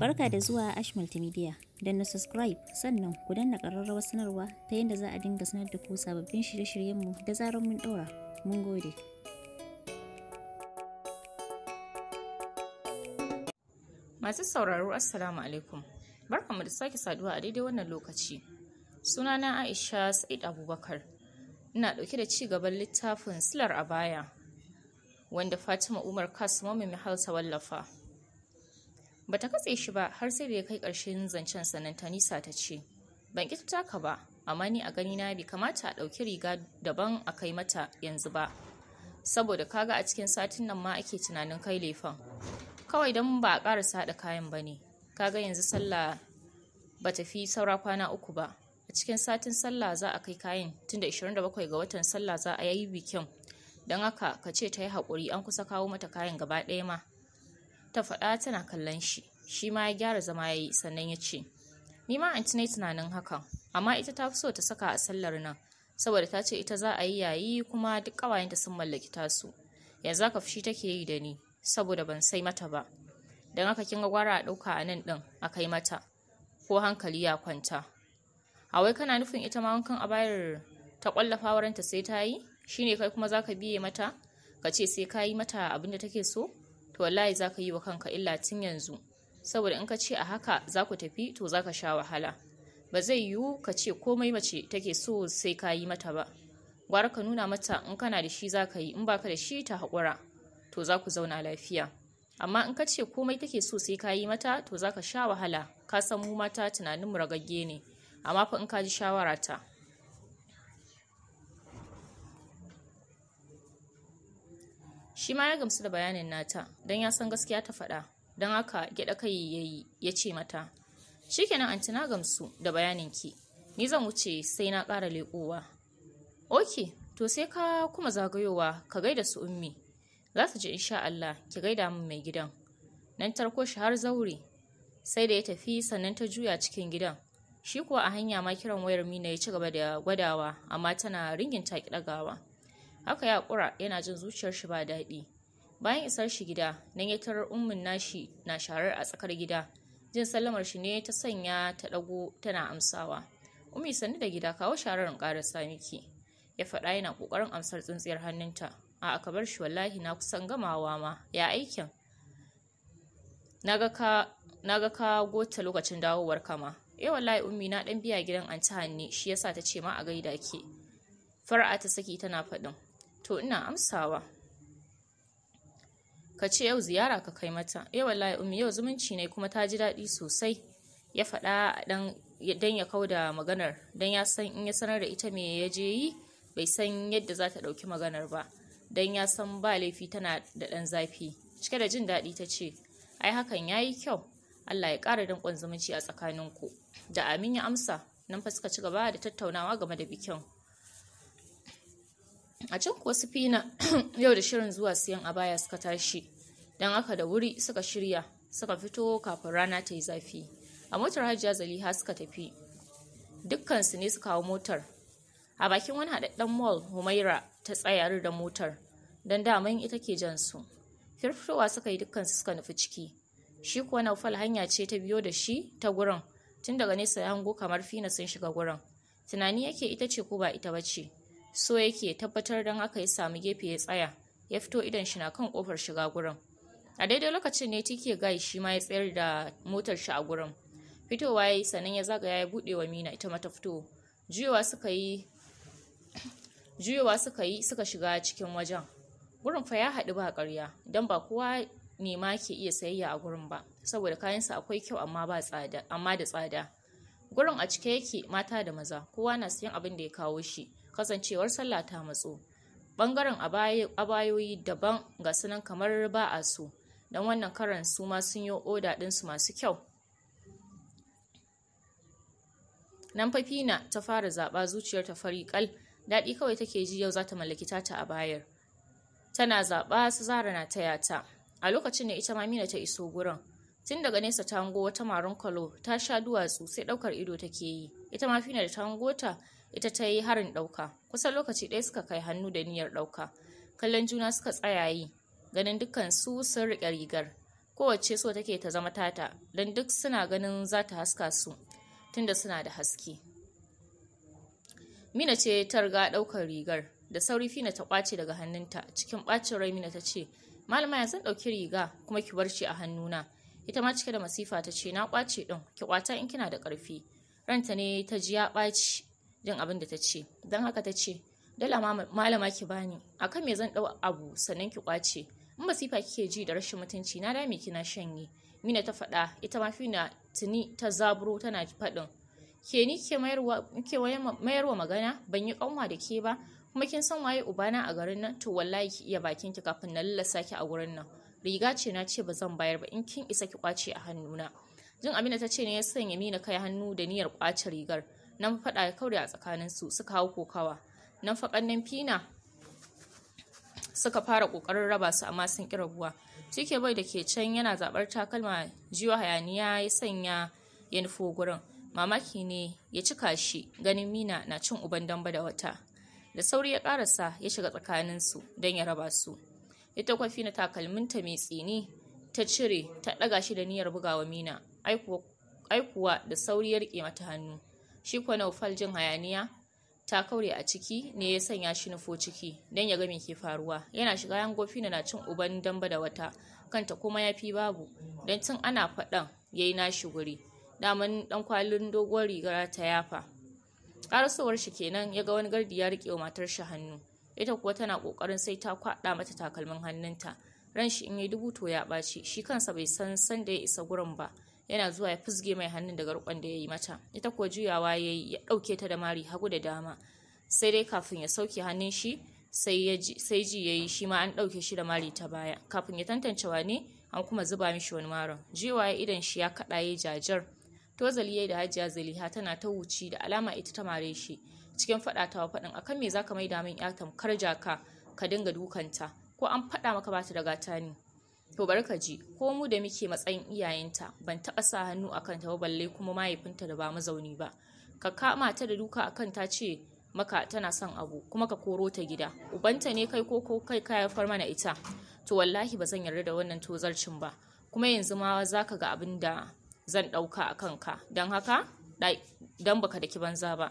Barka da zuwa Ash Multimedia. Don na subscribe sannan ku danna ƙararrawar sanarwa ta yadda za a dinga sanar da ku sababbin shirye-shiryenmu da zarar mun ɗora. Mun gode. Masu sauraro Assalamu alaikum. mu da sake saduwa a daidai wannan lokaci. Sunana Aisha Sa'id Abubakar. Ina ɗauke da ci gaban littafin Silar a baya wanda Fatima Umar Kasimu mihal ta wallafa. Ba ta katse shi ba har sai da ya kai ƙarshen zancen sannan tanisa ta ce ban ƙi taka ba amma ni a gani na bai kamata a ɗauki riga daban a kai mata yanzu ba saboda kaga a cikin satin nan ma ake tunanin kai lefan kawai don ba a ƙara saɗa kayan ba ne kaga yanzu sallah ba ta fi saura kwana uku ba a cikin satin sallah za a kai kayan tunda 27 ga watan sallah za a yi bikin don haka ka ce ta yi haƙuri an kusa kawo mata kayan gaba ɗaya ma ta faɗa tana kallon shi shi ma ya gyara zama ya yi sannan ya ce ni ma tunanin hakan amma ita ta fi so ta saka a sallar nan saboda ta ce ita za a yi yayi kuma duk ƙawayenta sun mallaki tasu yanzu aka fushi take yi da ni saboda ban sai mata ba don haka kin gwara a ɗauka a nan ɗin a kai mata ko hankali ya kwanta a wai kana nufin ita ma wankan abayar ta ƙwallafa waranta sai ta yi shine kai kuma za ka biye mata ka ce sai ka yi mata abin da take so to wallahi za ka yi wa kanka illa tun yanzu saboda in ka ce a haka za ku tafi to za ka sha wahala ba zai yiwu ka ce komai mace take so sai ka yi mata ba gwara ka nuna mata in kana da shi za ka yi in baka da shi ta haƙura to za ku zauna lafiya amma in ka ce komai take so sai ka yi mata to za ka sha wahala ka san mu mata tunanin mu ragagge ne amma fa in ka ji shawara ta shi ma ya gamsu da bayanin nata don ya san gaskiya ta faɗa don haka gyaɗa kai ya yi ya ce mata shi anti na gamsu da bayanin ki, ni zan wuce sai na ƙara leƙowa ok to sai ka kuma zagayowa ka gaida su ummi za su ji insha Allah ki gaida min mai gidan nan tarko shi har zaure sai da ya tafi sannan ta juya cikin gidan shi kuwa a hanya ma kiran wayar mina ya ci gaba da gwadawa amma tana ringin ta ɗagawa haka ya kura yana jin zuciyar shi ba daɗi bayan isar shi gida nan ya tarar ummin nashi na sharar a tsakar gida jin sallamar shi ne ta sanya ta dago tana amsawa ummi sanni da gida kawo sharar in karasa miki ya faɗa yana ƙoƙarin amsar tsintsiyar hannunta a aka bar shi wallahi na kusan gamawa ma ya aikin na ga ka gota lokacin dawowar kama eh wallahi ummi na dan biya gidan anti hanni shi yasa ta ce ma a gaida ke far'a ta saki tana faɗin to ina amsawa ka ce yau ziyara ka kai mata eh wallahi ummi yau zumunci ne kuma ta ji daɗi sosai ya faɗa dan dan ya kauda maganar dan ya san in ya sanar da ita me ya je yi bai san yadda za ta ɗauki maganar ba dan ya san ba laifi tana da ɗan zafi cike da jin daɗi ta ce ai hakan ya yi kyau Allah ya ƙara danƙon zumunci a tsakaninku da amin ya amsa nan fa suka ci gaba da tattaunawa game da bikin a can kuwa fina yau da shirin zuwa siyan abaya suka tashi don aka da wuri suka shirya suka fito kafin rana ta yi zafi a motar hajiya zaliha suka tafi dukkansu ne suka hau motar a bakin wani haɗaɗɗen mall humaira ta tsayar da motar don daman ita ke jan su firfitowa suka yi dukkansu suka nufi ciki shi kuwa naufal hanya ce ta biyo da shi ta gurin tun daga nesa ya hango kamar fina sun shiga gurin tunani yake ita ce ko ba ita ba ce so yake tabbatar don haka ya samu gefe ya tsaya ya fito idan shi na kan kofar shiga gurin a daidai lokacin ne tike gai shi ma ya tsayar da motar shi a gurin fitowa ya yi sannan ya zagaya ya buɗe wa mina ita mata fito juyowa suka yi suka shiga cikin wajen gurin fa ya haɗu ba ƙarya don ba kowa ne ma ke iya sayayya a gurin ba saboda kayansa akwai kyau amma ba da tsada gurin a cike yake mata da maza kowa na siyan abin da ya kawo shi kasancewar sallah ta matso bangaren abayoyi daban ga sunan kamar ba a so don wannan karan su ma sun yi oda ɗinsu masu kyau nan fafina ta fara zaɓa zuciyar ta fari kal daɗi kawai take ji yau za ta mallaki tata a bayar tana zaɓa su zara na taya ta a lokacin da ita mamina ta iso gurin tun daga nesa ta hango wata marun kwalo ta sha duwatsu sai ɗaukar ido take yi ita ma fina da ta hango ta ita ta yi harin ɗauka kusan lokaci ɗaya suka kai hannu da niyyar ɗauka kallon juna suka tsaya yi ganin dukkan su sun riƙe rigar kowace so take ta zama tata don duk suna ganin za ta haska su tunda suna da haske mina ce ta riga ɗaukar rigar da sauri fina ta kwace daga hannunta cikin ɓacin rai mina ta ce malama ya zan ɗauki riga kuma ki bar shi a hannuna ita ma cike da masifa ta ce na kwace ɗin ki kwata in kina da ƙarfi ranta ne ta ji ya ɓaci jin abin da ta ce don haka ta ce dala malama ki bani akan me zan dau abu sannan ki kwace in masifa kike ji da rashin mutunci na dame ki na shanye mina ta faɗa ita ma fina tuni ta zaburo tana faɗin ke ni ke mayarwa magana ban yi kanwa da ke ba kuma kin san waye ubana a garin nan to wallahi ki iya bakin ki kafin na lallasa ki a gurin nan riga ce na ce ba zan bayar ba in kin isa ki kwace a hannuna jin amina ta ce ne ya sanya mina kai hannu da niyyar kwace rigar nan faɗa ya kaure a tsakanin su suka hau kokawa nan nan fina suka fara ƙoƙarin raba su amma sun ƙi rabuwa cike bai da ke can yana zaɓar takalma jiwa hayaniya ya sanya ya nufo gurin mamaki ne ya cika shi ganin mina na cin uban damba da wata da sauri ya karasa ya shiga tsakanin su don ya raba su ita kwafi na takalminta mai tsini ta cire ta ɗaga shi da niyyar bugawa mina aikuwa da sauri ya rike mata hannu shi kuwa naufal jin hayaniya ta kaure a ciki ne ya sanya shi nufo ciki don ya ga me ke faruwa yana shiga yango fina na cin uban damba da wata kanta kuma ya fi babu don tun ana faɗan ya yi nashi guri daman dan kwalin doguwar rigar ta yafa karasowar shi kenan ya ga wani gardi ya riƙe wa matar shi hannu ita kuwa tana ƙoƙarin sai ta kwaɗa mata takalmin hannunta ran shi in yi dubu to ya ɓaci shi kansa bai san sanda ya isa gurin ba yana zuwa ya fusge mai hannun daga rukon da ya yi mata ita kuwa juyawa ya yi ya ɗauke ta da mari hagu da dama sai dai kafin ya sauke hannun shi sai ji ya yi shi ma an ɗauke shi da mari ta baya kafin ya tantance ne an kuma zuba mishi wani maron juyawa ya idan shi ya kaɗa ya jajar to zaliya da hajiya zaliha tana ta wuce da alama ita ta mare shi cikin faɗa ta faɗin akan me zaka maida min ya tamkar jaka ka dinga dukanta ko an faɗa maka bata da gata ne to bari ka ji ko mu da muke matsayin iyayenta ban taɓa sa hannu a kanta ba balle kuma mahaifinta da ba zauni ba ka kama ta da duka akan ta ce maka tana son abu kuma ka koro ta gida ubanta ne kai ko ko kai ka haifar mana ita to wallahi ba zan yarda da wannan tozarcin ba kuma yanzu ma za ka ga abin da zan ɗauka a kanka don haka don baka da ki banza ba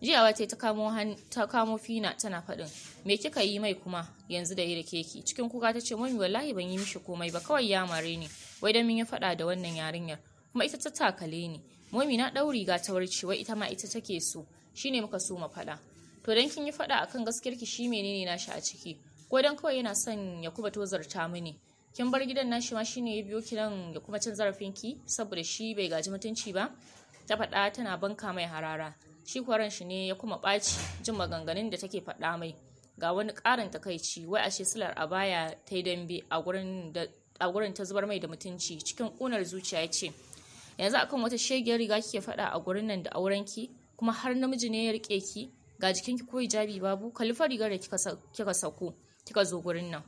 jiya wata ta kamo ta kamo fina tana faɗin me kika yi mai kuma yanzu da yi da keki cikin kuka ta ce mami wallahi ban yi mishi komai ba kawai ya mare ni wai dan mun yi faɗa da wannan yarinyar kuma ita ta takale ni mami na ɗau riga ta warce wai ita ma ita take so shine muka so mu faɗa to dan kin yi faɗa akan gaskiyarki shi menene nashi a ciki ko dan kawai yana son ya kuma tozarta mini kin bar gidan nashi ma shine ya biyo kiran ya kuma cin zarafin ki saboda shi bai gaji mutunci ba ta faɗa tana banka mai harara shi kwaran shi ne ya kuma ɓaci jin maganganun da take faɗa mai ga wani ƙarin takaici wai ashe silar a baya ta yi dambe a gurin ta zubar mai da mutunci cikin ƙunar zuciya ya ce yanzu akan wata shegiyar riga kike faɗa a gurin nan da auren ki kuma har namiji ne ya rike ki ga jikin ki ko hijabi babu kalifa rigar da kika sako kika zo gurin nan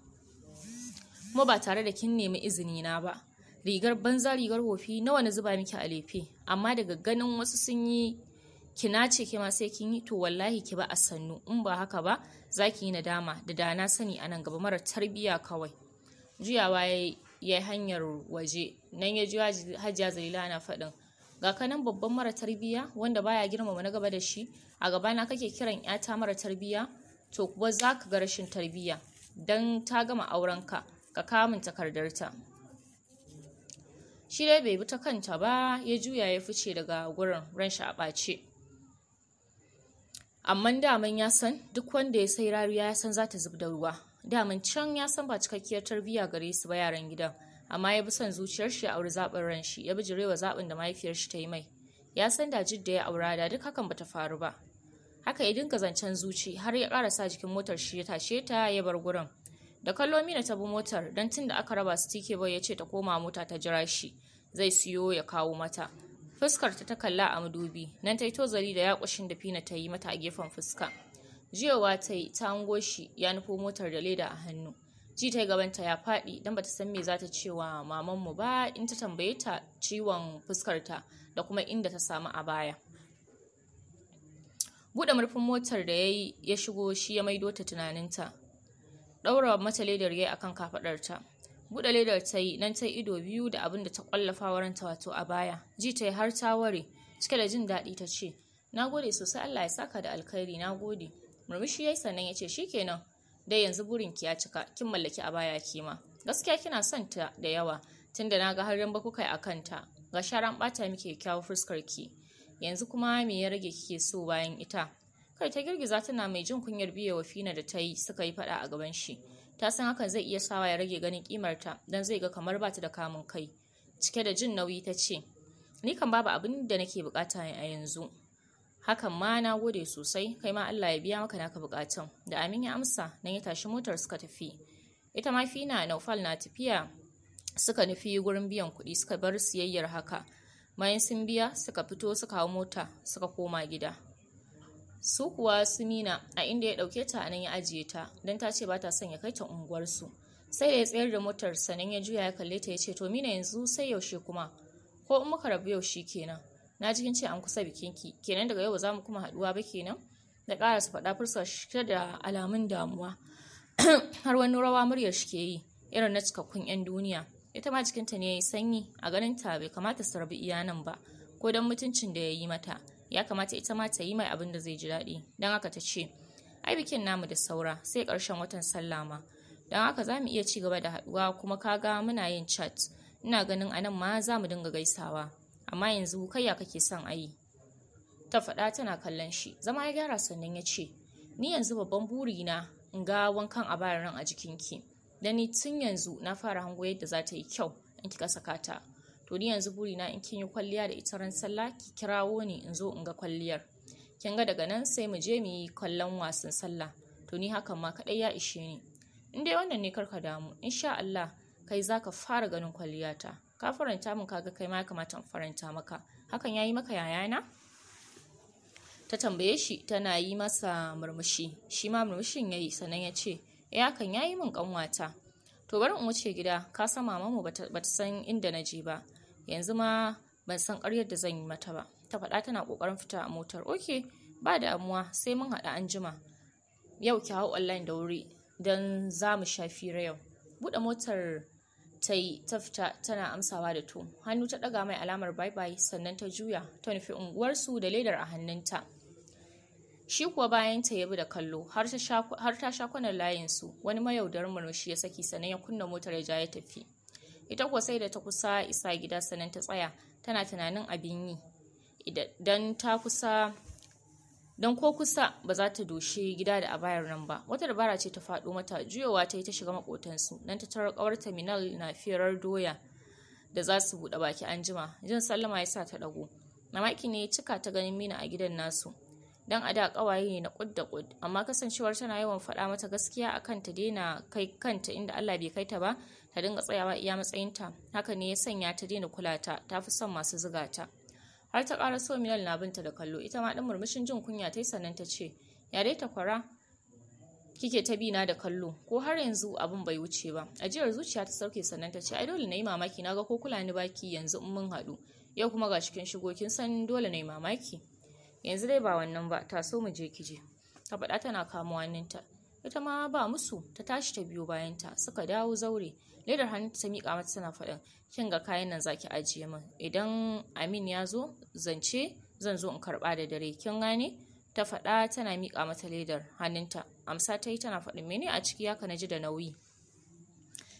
kuma ba tare da kin nemi izini na ba rigar banza rigar hofi nawa na zuba miki a lefe amma daga ganin wasu sun yi kina ce kima ma sai kin yi to wallahi ki ba a sannu in ba haka ba za ki yi nadama da da na sani a nan gaba mara tarbiyya kawai juyawa ya yi hanyar waje nan ya juya hajiya zalila na faɗin ga kanan babban mara tarbiyya wanda baya girmama na gaba da shi a gabana kake kiran yata mara tarbiyya to kuwa za ka ga rashin tarbiya don ta gama aurenka ka kamun takardarta shi dai bai bi ta kanta ba ya juya ya fice daga gurin ran shi a ɓace amma daman ya san duk wanda ya sai rariya ya san za ta zub da ruwa daman can ya san ba cikakkiyar tarbiyya gare su ba yaran gidan amma ya bi son zuciyar shi ya auri zaɓin ran shi ya wa zaɓin da mahaifiyar shi ta yi mai ya san da jidda ya aura da duk hakan bata faru ba haka ya ka zancen zuci har ya sa jikin motar shi ya tashe ta ya bar gurin da kallo mina ta bi motar don tun da aka raba su tike bai ya ce ta koma mota ta jira shi zai siyo ya kawo mata fuskar ta ta kalla a madubi, nan ta yi tozali da yakushin da Fina ta yi mata a gefen fuska. Jiyowa ta yi ta hango shi ya nufo motar da leda a hannu. Ji ta gabanta ya faɗi don bata san me za ta ce wa mamanmu ba in ta tambaye ta ciwon fuskar ta da kuma inda ta samu a baya. Buɗe murfin motar da ya ya shigo shi ya maido ta tunaninta. Ɗaura mata ledar ya akan kafaɗarta. buɗe ledar ta yi nan ta yi ido biyu da abin da ta ƙwallafa ta wato a baya ji ta yi har ta ware cike da jin daɗi ta ce na gode sosai allah ya saka da alkhairi na gode murmushi ya yi sannan ya ce shi kenan dai yanzu burin ki ya cika kin mallaki a baya kima gaskiya kina son ta da yawa tunda na ga har ba kuka yi a kanta ga sharan ɓata muke kyawu fuskar ki yanzu kuma me ya rage kike so bayan ita kai ta girgiza tana mai jin kunyar biye wa fina da ta yi suka yi faɗa a gaban shi ta san hakan zai iya sawa ya rage ganin kimarta don zai ga kamar ba ta da kamun kai cike da jin nauyi ta ce ni kan babu abin da nake bukata a yanzu hakan ma na gode sosai kai ma Allah ya biya maka naka bukatun da Amin ya amsa nan ya tashi motar suka tafi ita ma Fina Naufal na tafiya suka nufi gurin biyan kuɗi suka bar siyayyar haka bayan sun biya suka fito suka hau mota suka koma gida su kuwa sumina a inda ya dauke ta nan ya ajiye ta don ta ce ba ta son ya kai ta unguwarsu sai da ya tsayar da motar sannan ya juya ya kalle ta ya ce to mina yanzu sai yaushe kuma ko in muka rabu yaushe kenan na jikin ce an kusa bikinki kenan daga yau ba za mu kuma haduwa ba kenan da su faɗa fursa shi da alamun damuwa har wani rawa muryar shi ke yi irin na cikakkun 'yan duniya ita ma jikinta ne ya yi sanyi a ganin ta bai kamata su rabu iya nan ba ko don mutuncin da ya yi mata ya kamata ita ma ta yi mai abin da zai ji daɗi don haka ta ce ai bikin namu da saura sai karshen watan sallah ma don haka za mu iya ci gaba da haɗuwa kuma ka ga muna yin chat ina ganin anan ma za mu dinga gaisawa amma yanzu kai ya kake son ayi. ta faɗa tana kallon shi zama ya gyara sannan ya ce ni yanzu babban burina in ga wankan a bayan a jikinki da ni tun yanzu na fara hango yadda za ta yi kyau in kika saka ta to ni yanzu na in kin yi kwalliya da ita ran sallah ki kirawo ni in zo in ga kwalliyar kin ga daga nan sai mu je mu yi kallon wasan sallah to ni hakan ma kaɗai ya ishe ni in dai wannan ne karka damu insha Allah kai zaka fara ganin kwalliyata ka faranta mun kaga kai ma ya kamata in faranta maka hakan yayi maka yaya na. ta tambaye shi tana yi masa murmushi shi ma murmushin yayi sannan ya ce eh hakan yayi min kanwata to bari in wuce gida ka san mamu bata, bata san inda na je ba yanzu ma ban san ƙaryar da zan yi mata ba ta faɗa tana ƙoƙarin fita a motar oke ba da amuwa sai mun haɗa an jima yau ki hau online da wuri don za mu sha fira yau buɗe motar ta yi ta fita tana amsawa da to hannu ta ɗaga mai alamar bye bye sannan ta juya ta nufi unguwarsu da ledar a hannunta shi kuwa bayan ta yabi da kallo har ta sha kwanan layinsu wani mayaudar murmushi ya saki sannan ya kunna motar ya ja ya tafi ita kuwa sai da ta kusa isa gida sannan ta tsaya tana tunanin abin yi don ta kusa don ko kusa ba za ta doshi gida da abayar nan ba wata dabara ce ta faɗo mata juyowa ta yi ta shiga makotansu nan ta tarar kawar terminal na firar doya da za su buɗe baki an jima jin sallama ya sa ta ɗago mamaki ne ya cika ta ganin mina a gidan nasu don a da ƙawaye ne na ƙud da ƙud amma kasancewar tana yawan faɗa mata gaskiya akan ta daina kai kanta inda Allah bai kai ta ba ta dinga tsayawa iya matsayinta haka ne ya sanya ta daina kula ta ta fi son masu zuga ta har ta ƙara so milal na binta da kallo ita ma ɗan murmushin jin kunya ta yi sannan ta ce ya dai takwara kike ta bina da kallo ko har yanzu abin bai wuce ba ajiyar zuciya ta sauke sannan ta ce ai dole na yi mamaki na ga ko kula ni baki yanzu in mun haɗu yau kuma ga cikin shigo kin san dole na yi mamaki yanzu dai ba wannan ba ta so mu je ki je ta faɗa tana kamuwa ninta ita ma ba musu ta tashi ta biyo bayanta suka dawo zaure ledar hannu ta miƙa mata tana faɗin kin ga kayan nan zaki ajiye min idan amin ya zo zance zan zo in karɓa da dare kin gane ta faɗa tana miƙa mata ledar hannunta amsa ta yi tana faɗin mene a ciki ya na ji da nauyi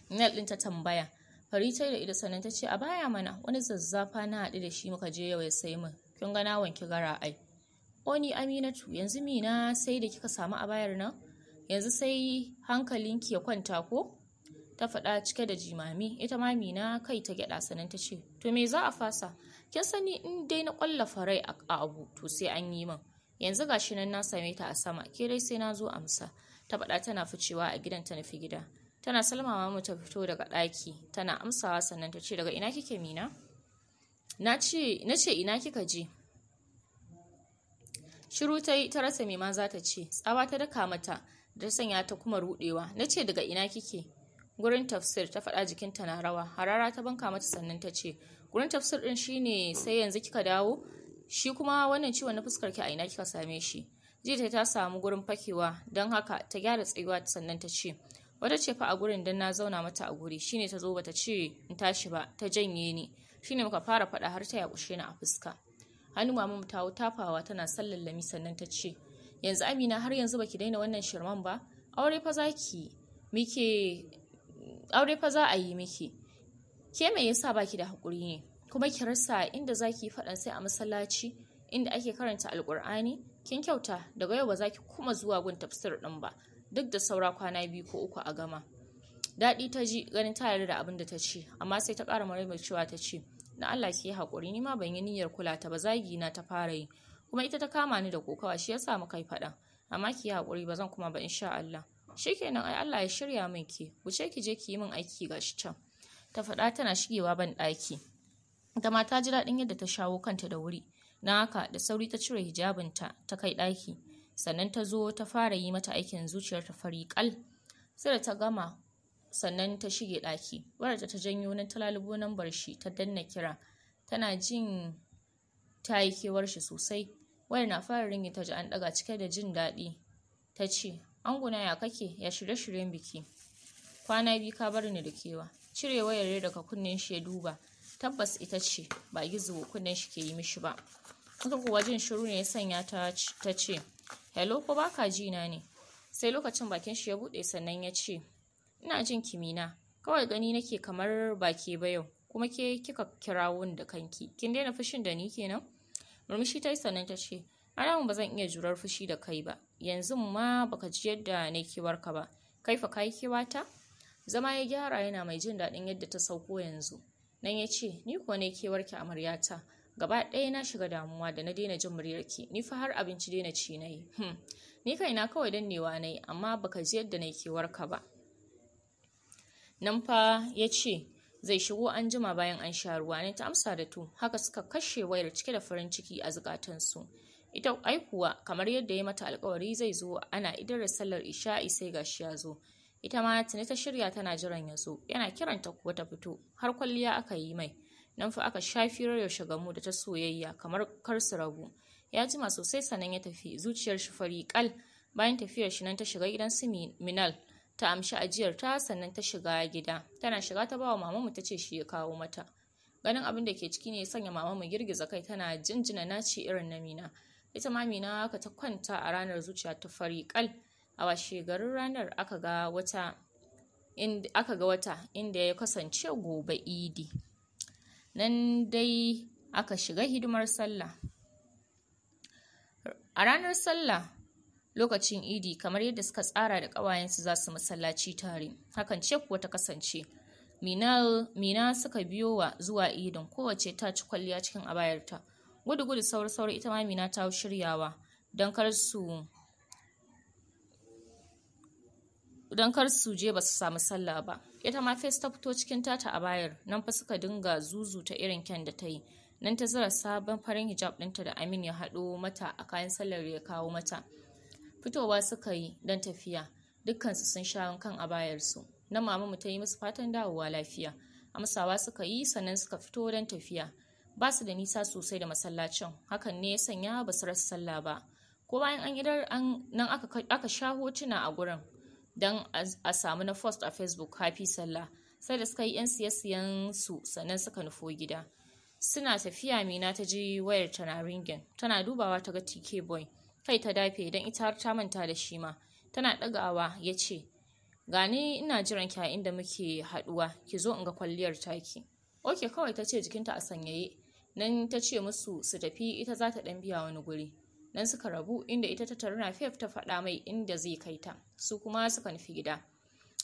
nel ɗin ta tambaya fari ta yi da ita sannan ta ce a baya mana wani zazzafa na haɗu da shi muka je yau ya sai min kin ga na wanki gara ai oni aminatu yanzu mina sai da kika samu a bayar nan yanzu sai hankalinki ya kwanta ko ta faɗa cike da jimami ita ma mina kai ta gyaɗa sanan ta ce to me za a fasa kin sani in dai na kwallafa rai a abu to sai an yi min yanzu gashi nan na same ta a sama ke dai sai na zo amsa ta faɗa tana ficewa a gidan ta nufi gida tana salmawa mu ta fito daga ɗaki tana amsawa sannan ta ce daga ina kike mina na ce ina kika je shiru ta yi ta rasa mai ma za ta ce tsawa ta daka mata da sanya ta kuma rudewa na ce daga ina kike gurin tafsir ta faɗa jikinta na rawa harara ta banka mata sannan ta ce gurin tafsir ɗin shine sai yanzu kika dawo shi kuma wannan ciwon na fuskar ki a ina kika same shi jita ta ta samu gurin fakewa don haka ta gyara tsayuwa sannan ta ce wata ce fa a gurin don na zauna mata a guri shine ta zo bata ce in tashi ba ta janye ni shine muka fara faɗa har ta yakushe ni a fuska hannu mu ta tafawa tana sallallami sannan ta ce yanzu amina har yanzu baki daina wannan shirman ba aure fa zaki muke aure fa za a yi miki ke me yasa baki da hakuri ne kuma ki rasa inda zaki faɗan sai a masallaci inda ake karanta alƙur'ani kin kyauta daga yau ba za ki kuma zuwa gun tafsir din ba duk da saura kwana biyu ko uku a gama daɗi ta ji ganin ta yarda da abin da ta ce amma sai ta ƙara mai cewa ta ce na Allah ki hakuri ni ma ban yi niyyar kula ta ba zagi na ta fara yi kuma ita ta kama ni da kokawa shi yasa muka yi faɗa amma ki hakuri ba zan kuma ba insha Allah shikenan ai Allah ya shirya min ke, wuce ki je ki yi min aiki gashi can ta faɗa tana shigewa ban ɗaki ita mata ji daɗin yadda ta shawo kanta da wuri na haka da sauri ta cire hijabinta ta kai ɗaki sannan ta zo ta fara yi mata aikin zuciyar ta fari kal sai da ta gama sannan ta shige ɗaki wadda ta janyo nan ta lalubo bar shi ta danna kira tana jin ta yi kewar shi sosai wayar na fara ringi ta ji an ɗaga cike da jin daɗi ta ce anguna ya kake? Ya shirye-shiryen biki? Kwana biyu ka bar ni da kewa. Cire wayar ya daga kunnen shi ya duba. Tabbas ita ce, ba gizo kunnen shi ke yi mishi ba. Haka kuwa jin shiru ne ya sanya ta ce, "Hello, ko ba ka ji na ne?" Sai lokacin bakin shi ya buɗe sannan ya ce, "Ina jin kimina, kawai gani nake kamar ba ba yau, kuma ke kika ni da kanki. Kin daina fushin da ni kenan?" Murmushi ta yi sannan ta ce, alamun ba zan iya jurar fushi da kai ba yanzu ma baka ji yadda na kiwarka ba kai fa kai kiwata zama ya gyara yana mai jin daɗin yadda ta sauko yanzu nan ya ce ni kuwa ne kewarki amaryata gaba ɗaya na shiga damuwa da na daina jin muryarki ni fa har abinci daina ci na yi hmm. ni kaina kawai dannewa na yi amma baka ji yadda na kewar kewarka ba nan fa ya ce zai shigo an jima bayan an sha ruwa ne ta amsa da to haka suka kashe wayar cike da farin ciki a zukatansu ita ai kuwa kamar yadda ya mata alkawari zai zo ana idar sallar isha'i sai gashi ya zo ita ma tuni ta shirya tana jiran ya zo yana kiranta kuwa ta fito har kwalliya aka yi mai nan fa aka shafirar yaushe mu da ta soyayya kamar kar su rabu ya jima sosai sannan ya tafi zuciyar shi fari kal bayan tafiyar shi nan ta shiga gidan su minal ta amshi ajiyar ta sannan ta shiga gida tana shiga ta bawa mamamu ta ce shi ya kawo mata ganin abin da ke ciki ne ya sanya mu girgiza kai tana jinjina naci irin namina ita ma mina ta kwanta a ranar zuciya ta fari kal a washe garin ranar aka ga wata aka ga wata inda ya kasance gobe idi nan dai aka shiga hidimar sallah a ranar sallah lokacin idi kamar yadda suka tsara da ƙawayensu za su masallaci tare hakan ce kuwa ta kasance mina suka biyo wa zuwa idin kowace ta ci kwalliya cikin abayarta gudu gudu sauri sauri ita ma na ta shiryawa don kar su don kar su je ba su samu sallah ba ita ma face ta fito cikin tata a bayar nan fa suka dinga ta irin kyan da ta yi nan ta zira sabon farin hijab ɗinta da amin ya haɗo mata a kayan sallar ya kawo mata fitowa suka yi don tafiya dukkansu sun sha kan a bayarsu na mamamu ta yi musu fatan dawowa lafiya amsawa suka yi sannan suka fito don tafiya ba su da nisa sosai da masallacin hakan ne ya sanya ba su rasa sallah ba ko bayan an idar nan aka, sha hotuna a gurin Dan a samu na first a facebook hafi sallah sai da suka yi 'yan siyasiyan su sannan suka nufo gida suna tafiya mina ta ji wayar tana ringin tana dubawa ta ga tk boy kai ta dafe don ita har ta manta da shi ma tana ɗagawa ya ce gani ina jiran ki a inda muke haɗuwa ki zo in ga kwalliyar taki oke kawai ta ce jikinta a sanyaye nan ta ce musu su tafi ita za ta ɗan biya wani guri nan suka rabu inda ita ta taruna fef ta faɗa mai inda zai kai ta su kuma suka nufi gida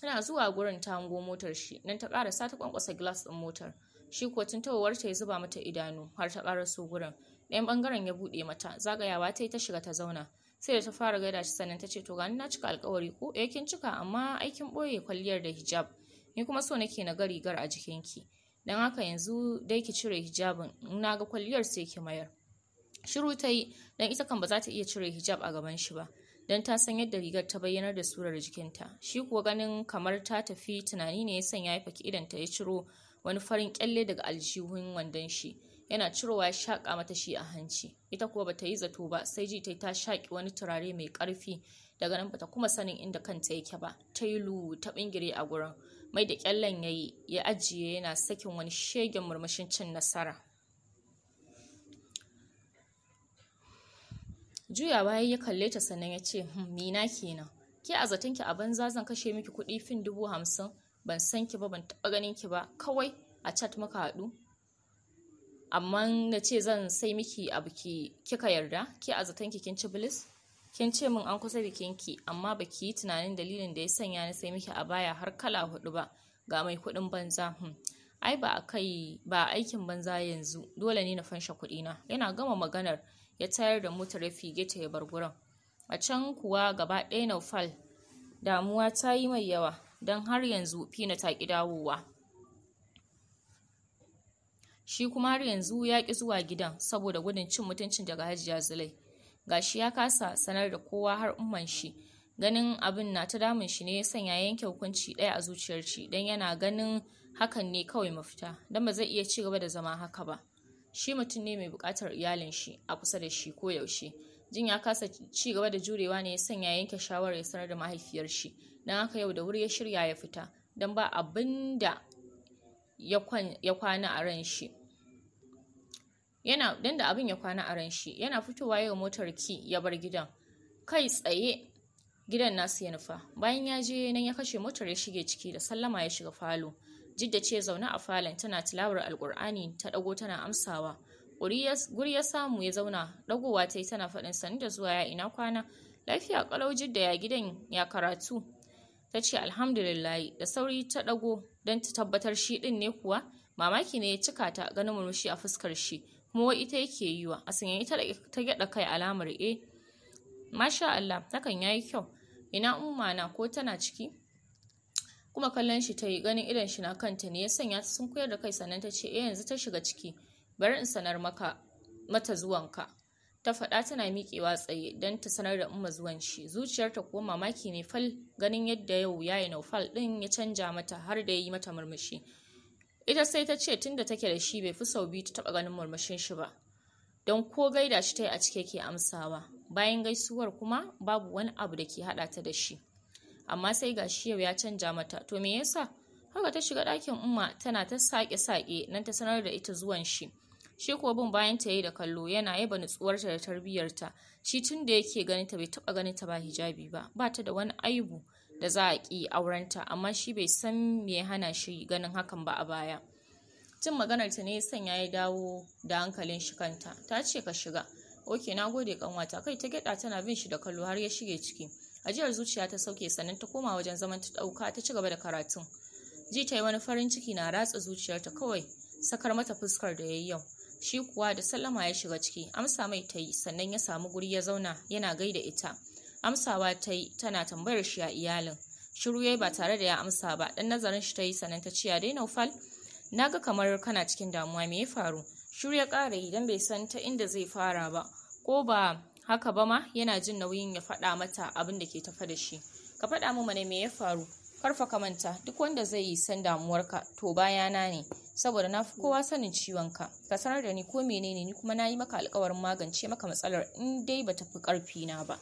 tana zuwa gurin ta hango motar shi nan ta sa ta kwankwasa glass ɗin motar shi kuwa tawowar ta ya zuba mata idanu har ta so gurin ɗayan ɓangaren ya buɗe mata zagayawa ta yi ta shiga ta zauna sai da ta fara gaida shi sannan ta ce to gani na cika alkawari ko eh cika amma aikin ɓoye kwalliyar da hijab ni kuma so nake na ga rigar a jikinki don haka yanzu dai ki cire hijabin in na ga kwalliyar sai ki mayar shiru ta yi don ita kan ba za ta iya cire hijab a gaban shi ba don ta san yadda rigar ta bayyanar da surar jikinta shi kuwa ganin kamar ta tafi tunani ne ya sanya ya faki ta. ya ciro wani farin kyalle daga aljihun wandon shi yana cirowa ya shaƙa mata shi a hanci ita kuwa bata yi zato ba sai ji ta ta shaƙi wani turare mai ƙarfi daga nan bata kuma sanin inda kanta yake ba ta yi lu ta bingire a gurin mai da kyallen ya ya ajiye yana sakin wani shegen murmushin cin nasara juya bayan ya kalle ta sannan ya ce mina hmm, kenan ke a zaton ki a banza zan kashe miki kuɗi fin dubu hamsin ban san ki ba ban taɓa ganin ki ba kawai a chat muka haɗu amma na ce zan sai miki abu ki kika yarda ke a zaton ki kin ci bilis kin ce min an kusa ki, amma baki yi tunanin dalilin da ya sanya na sai miki a baya har kala hudu ba ga mai kuɗin banza hmm. ai ba kai ba aikin banza yanzu dole ne na fansha kuɗina yana gama maganar ya tayar da motar ya fige ta ya bar gurin a can kuwa gaba ɗaya naufal damuwa ta yi mai yawa don har yanzu fina ta ƙi dawowa shi kuma har yanzu ya ƙi zuwa gidan saboda gudun cin mutuncin daga hajiya zulai gashi ya kasa sanar da kowa har umman shi ganin abin na ta damun shi ne ya sanya yanke hukunci ɗaya a zuciyar shi don yana ganin hakan ne kawai mafita don ba zai iya ci gaba da zama haka ba shi mutum ne mai buƙatar iyalin shi a kusa da shi ko yaushe jin ya kasa ci gaba da jurewa ne ya sanya yanke shawarar ya sanar da mahaifiyar shi don haka yau da wuri ya shirya ya fita don ba abin da ya kwana a ran shi yana dan da abin ya kwana a ran shi yana fitowa yau motar ki ya bar gidan kai tsaye gidan nasu ya nufa bayan ya je nan ya kashe motar ya shige ciki da sallama ya shiga falo jidda ce zaune a falon tana tilawar alkur'ani ta dago tana amsawa guri ya samu ya zauna dagowa ta yi tana faɗin sani da zuwa ya ina kwana lafiya kalau jidda ya gidan ya karatu ta ce alhamdulillahi da sauri ta dago don ta tabbatar shi din ne kuwa mamaki ne ya cika ta ganin murmushi a fuskar shi kuma wai ita yake yi wa a sanya ita ta gyaɗa kai alamar e masha Allah hakan yayi kyau ina umma na ko tana ciki kuma kallon shi ta yi ganin idon shi na kanta ne ya sanya ta sun koyar da kai sannan ta ce eh yanzu ta shiga ciki bari in sanar maka mata zuwanka ta faɗa tana miƙewa tsaye don ta sanar da umma zuwan shi zuciyarta kuwa mamaki ne fal ganin yadda yau yayi naufal ɗin ya canja mata har da ya yi mata murmushi ita sai ta ce tun da take da shi bai fi sau biyu ta taɓa ganin murmushin shi ba don ko gaida shi ta yi a cike ke amsawa bayan gaisuwar kuma babu wani abu da ke haɗa ta da shi amma sai ga shi yau ya canja mata to me yasa haka ta shiga ɗakin umma tana ta saƙe-saƙe nan ta sanar da ita zuwan shi shi kuwa bin bayan ta yi da kallo yana yaba nutsuwarta da tarbiyyarta shi tun da yake ganin ta bai taɓa ganin ta ba hijabi ba ba ta da wani aibu da za a ƙi aurenta amma shi bai san me hana shi ganin hakan ba a baya jin maganar ta ne san ya dawo da hankalin shi kanta ta ce ka shiga ok na gode kanwata kai ta gyada tana bin shi da kallo har ya shige ciki ajiyar zuciya ta sauke sannan ta koma wajen zaman ta dauka ta cigaba da karatun ji ta yi wani farin ciki na ratsa zuciyarta kawai sakar mata fuskar da ya yi yau shi kuwa da sallama ya shiga ciki amsa mai ta yi sannan ya samu guri ya zauna yana gaida ita amsawa ta yi tana tambayar shi a iyalin shiru ya yi ba tare da ya amsa ba dan nazarin shi ta yi sannan ta ce ya dai naufal ga kamar kana cikin damuwa me ya faru shiru ya kara idan bai san ta inda zai fara ba ko ba haka ba ma yana jin nauyin ya faɗa mata abin da ke tafa da shi ka faɗa mu mana me ya faru karfa ka manta duk wanda zai yi san damuwarka to bayana ne saboda na fi kowa sanin ciwon ka ka sanar da ni ko menene ni kuma na yi maka alkawarin magance maka matsalar in dai bata fi karfi na ba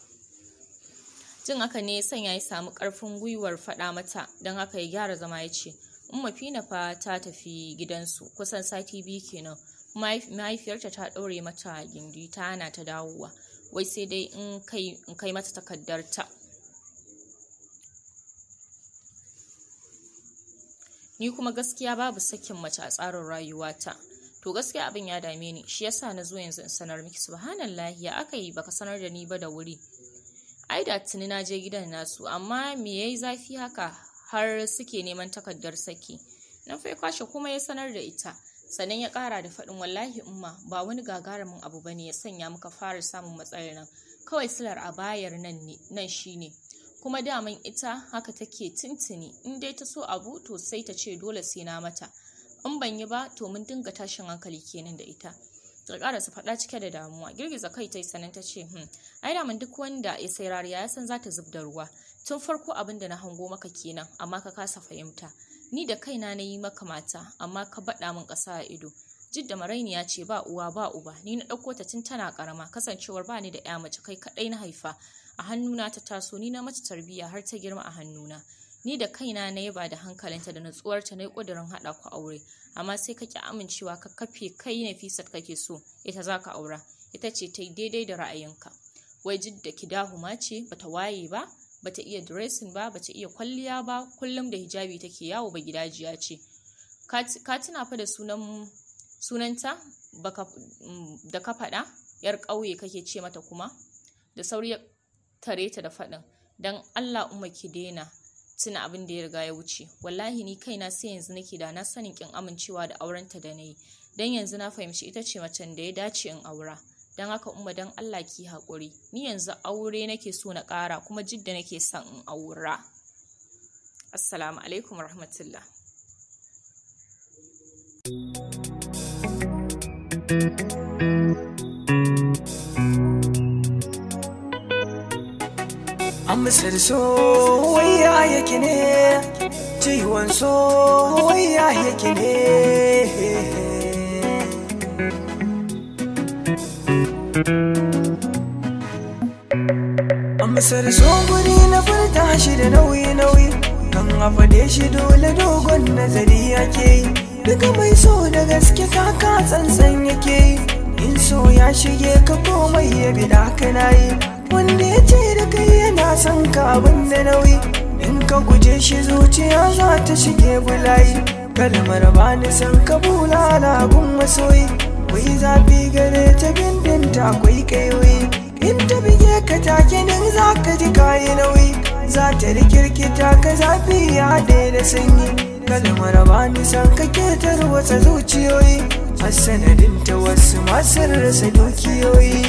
jin haka ne sanya ya samu karfin gwiwar faɗa mata don haka ya gyara zama ya ce umma fa ta tafi gidansu kusan sati biyu kenan mahaifiyarta ta ɗaure mata gindi ta hana ta dawowa wai sai dai in kai mata takardarta ni kuma gaskiya babu sakin mace a tsarin rayuwata to gaskiya abin ya dame ni shi yasa na zo yanzu in sanar miki subhanallahi ya aka yi baka sanar da ni ba da wuri ai da tuni na je gidan nasu amma me yayi zafi haka har suke neman takardar saki nan fa kwashe kuma ya sanar da ita sannan ya kara da faɗin wallahi umma ba wani gagarumin abu ba ne ya sanya muka fara samun matsalar nan kawai silar a bayar nan ne nan shine kuma daman ita haka take tintini in dai ta so abu to sai ta ce dole sai na mata in ban yi ba to mun dinga tashin hankali kenan da ita ta su faɗa cike da damuwa girgiza kai ta yi sanan ta ce hmm ai daman duk wanda ya sai rariya ya san za zub da ruwa tun farko abin da na hango maka kenan amma ka kasa fahimta ni da kaina na yi maka mata amma ka baɗa min ƙasa a ido jidda ya ce ba uwa ba uba ni na ɗauko ta tun tana ƙarama kasancewar ba ni da ya mace kai kaɗai na haifa a hannuna ta taso ni na mace tarbiyya har ta girma a hannuna ni da kaina na yaba da hankalinta da natsuwarta na yi ƙudurin haɗa ku aure amma sai ka amincewa ka kafe kai nafisat kake so ita za ka aura ita ce ta daidai da ra'ayinka wai jidda kidahu ma ce bata waye ba bata iya dressing ba bata iya kwalliya ba kullum da hijabi take yawo ba gidajiya ce ka tuna fa da sunan sunanta mm, da ka faɗa yar ƙauye kake ce mata kuma da sauri ya tare ta da faɗin dan allah umma ki daina tuna abin da ya riga ya wuce wallahi ni kaina sai yanzu nake da na sanin kin amincewa da aurenta da nayi dan yanzu na fahimci ita ce macen da ya dace in aura dan haka umma dan Allah ki haƙuri ni yanzu aure nake so na ƙara kuma jidda nake son in aura assalamu alaikum rahmatullah amsar so waya yake ne ciwon so waya yake ne amsar so guri na furta shi da nauyi-nauyi kan hafade shi dole dogon nazari yake yi duka mai so da gaske kaka tsantsan yake yi in so ya shige ka komai ya bi da haka na yi wanda ya ce da kai yana son ka abin da nauyi in ka guje shi zuciya za ta shige bulayi kalmar ba ni san ka bulala gun masoyi wai zafi gare ta akwai kaiwai in ta bige ka take nan za ka ji kayi nauyi za ta rikirkita ka zafi ya da sanyi kalmar ba ni san ka ketar wasa zuciyoyi a sanadinta wasu masu rasa dukiyoyi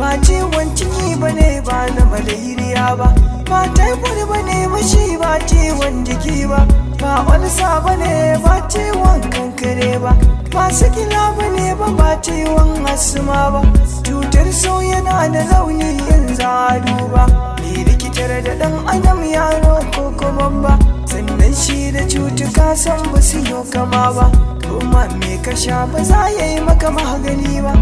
ba ciwon ciki ba ne ba na malaria ba ba taifuri ba ne mashi ba ciwon jiki ba ba olsa ba ne ba ciwon kankare ba ba sikila ba ne ba ba ciwon asuma ba cutar sau yana da launi yin a ba ni rikitar da ɗan adam yaro ko kuma ba sannan shi da cutuka san ba su yi kama ba kuma me ka sha ba za ya yi maka magani ba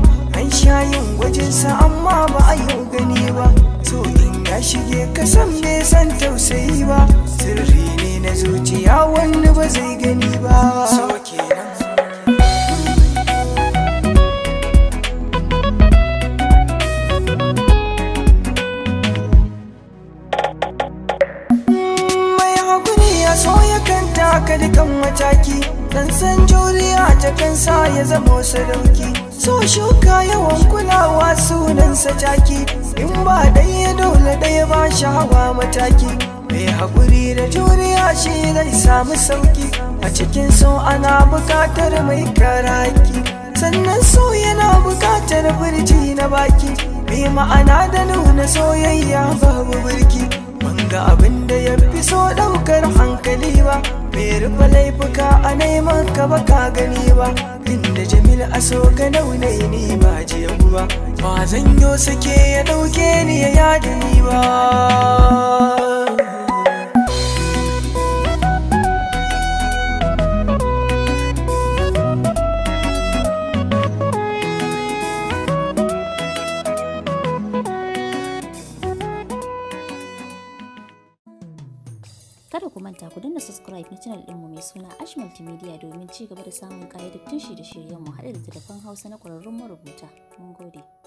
an sha yin gwajin sa amma ba a yi gani ba so in ya shige ka san me san tausayi ba sirri ne na zuciya wanda ba zai gani ba san juriya ta kansa ya zama sadauki so shuka yawan kulawa sunansa jaki. in ba ɗaya dole ɗaya ba shawa mataki mai haƙuri da juriya shi zai samu sauki a cikin so ana buƙatar mai karaki sannan so yana buƙatar birji na baki mai ma'ana da nuna soyayya babu birki ban ga abin da ya fi so ɗaukar hankali ba bai rufe laifuka a neman ka ba ka gani ba inda jamil a so ga naunai ni ba jebu ba ba zan sake ya dauke ni ya yada ni ba manta ku danna subscribe na channel ɗinmu mai suna Ash Multimedia domin ci gaba da samun ƙayyadattun shirye mu haɗa da telefon Hausa na ƙwararrun marubuta. Mun gode.